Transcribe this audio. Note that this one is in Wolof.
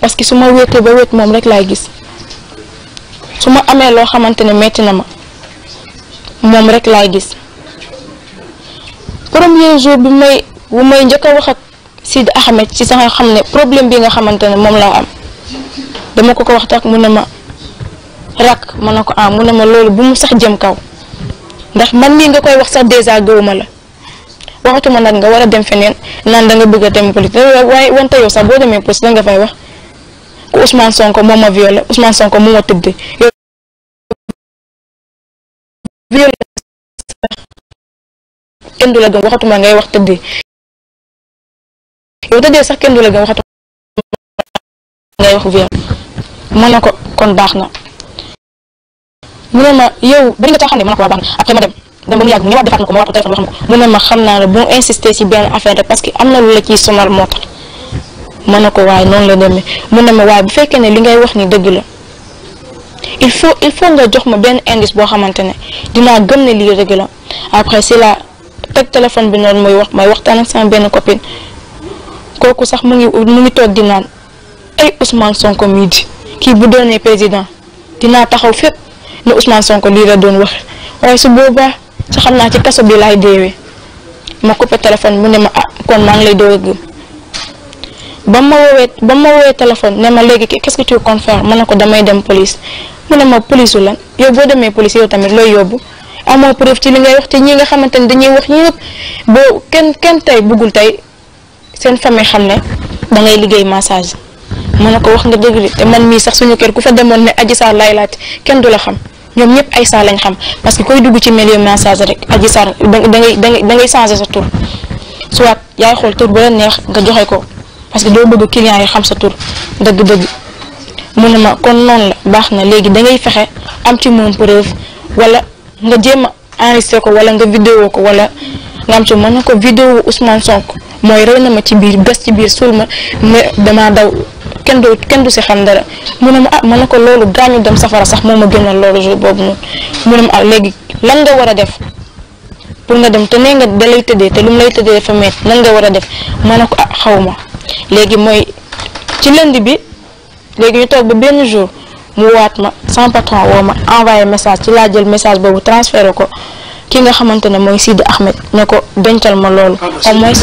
parce que su ma wetee ba wéet moom rek laay gis su ma amee loo xamante ne metti na ma moom rek laa gis premier jour bi may bu may njëkk a wax ak Sidi Ahmed ci sa nga xam ne problème bi nga xamante ne moom laa am dama ko ko wax tak mun na ma rak man na ko am ah, mun na ma loolu bu mu sax jëm kaw ndax man mii nga koy wax sax dèjà gëwuma la waxatuma nag nga war a dem feneen naan da nga bëgg a dem police waaye wante yow sax boo demee police la nga fay wax. ku Ousmane Sonko moom ma violé Ousmane Sonko moom ma tëdd kenn du la gëm waxatuma ngay wax tëdd yow tëddee sax kenn du la gëm waxatuma ngay wax violé mën na ko kon baax na mu ne ma yow bari nga caaxaan de mën na ko waa baax na après ma dem dem mu yàgg mu ñëwaat waat ko ma ko mu ne ma xam naa ne bu insisté ci benn affaire rek parce que am na lu la ciy sonal moo tax mën na ko waaye noonu la deme mun na ma waaye bu fekkee ne li ngay wax ni dëgg la il faut il faut nga jox ma benn indice boo xamante ne dinaa gën ne lii dëgg la après si la teg téléphone bi noonu mooy wax may waxtaan ak sama benn copine kooku sax mu ngi mu ngi toog di naan ay Ousmane Sonko mii di kii bu doonee président dinaa taxaw fépp ne Ousmane Sonko lii la doon wax waaye su boobaa sa xam naa ci kaso bi laay deewee ma coupé téléphone mu ne ma ah kon maa ngi lay doog a ba ma woowee ba ma woowee téléphone ne ma léegi qu'est-ce que tu comptes faire ma ne ko damay dem police mu ne ma police lan yow boo demee police yow tamit looy yóbbu amoo preuve ci li ngay wax te ñi nga xamante ni dañuy wax ñëpp boo kenn kenn tey bëggul tey seen famille xam ne dangay liggéey massage ma ne ko wax nga dëgg de te man mii sax suñu kër ku fa demoon ne Adji Sarr laay laaj kenn du la xam ñoom ñëpp ay Sarr lañ xam parce que koy dugg ci milieu massage rek Adji Sarr da ngay da da ngay changer sa tur soit yaay xool tur bu la nga joxe ko. parce que doo bëgg client yi xam sa tour dëgg-dëgg mu ne ma kon noonu la baax na léegi da ngay fexe am ci moom preuve wala nga jéem a enregistré ko wala nga vidéo ko wala nga am ci mën na ko vidéo Ousmane Sonko mooy rey na ma ci biir bés ci biir suul ma ma damaa daw kenn du kenn du si xam dara mu ne ma ah mën na ko loolu gaañu dem safara sax moo ma gënal loolu jour boobu noonu mu ah léegi lan nga war a def. pour nga dem te nee nga da tëddee te lu lay tëddee dafa métti nan nga war a def ma ne ko ah xaw ma léegi mooy ci lënd bi léegi ñu toog ba benn jour mu waat ma sans patron woo ma envoyé message ci laa jël message boobu transféré ko ki nga xamante ne mooy Sidi Ahmed ne ko dencal ma loolu au moins